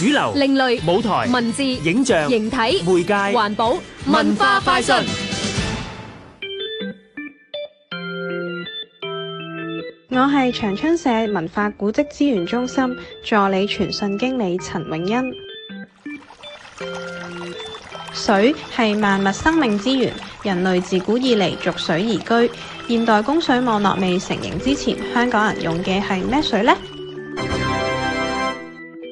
主流、另類舞台、文字、影像、形體、媒介、環保、文化快訊。我係長春社文化古蹟資源中心助理傳訊經理陳永欣。水係萬物生命之源，人類自古以嚟逐水而居。現代供水網絡未成形之前，香港人用嘅係咩水呢？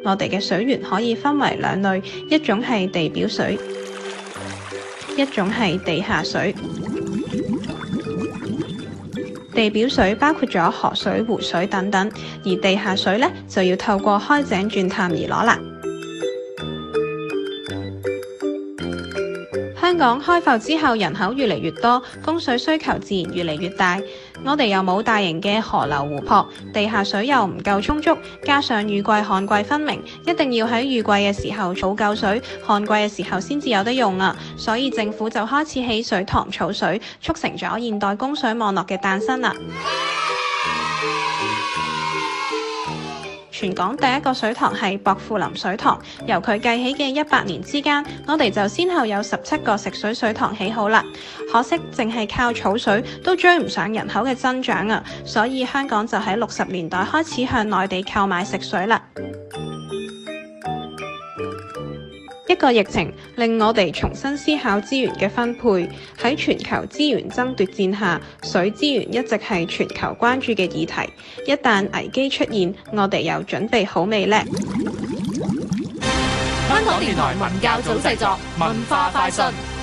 我哋嘅水源可以分為兩類，一種係地表水，一種係地下水。地表水包括咗河水、湖水等等，而地下水呢，就要透過開井鑽探而攞啦。香港開埠之後，人口越嚟越多，供水需求自然越嚟越大。我哋又冇大型嘅河流湖泊，地下水又唔夠充足，加上雨季旱季分明，一定要喺雨季嘅時候儲夠水，旱季嘅時候先至有得用啊！所以政府就開始起水塘儲水，促成咗現代供水網絡嘅誕生啦啊。全港第一個水塘係薄扶林水塘，由佢計起嘅一百年之間，我哋就先後有十七個食水水塘起好啦。可惜淨係靠草水都追唔上人口嘅增長啊，所以香港就喺六十年代開始向內地購買食水啦。一個疫情令我哋重新思考資源嘅分配。喺全球資源爭奪戰下，水資源一直係全球關注嘅議題。一旦危機出現，我哋又準備好未呢？香港電台文教組製作，文化快訊。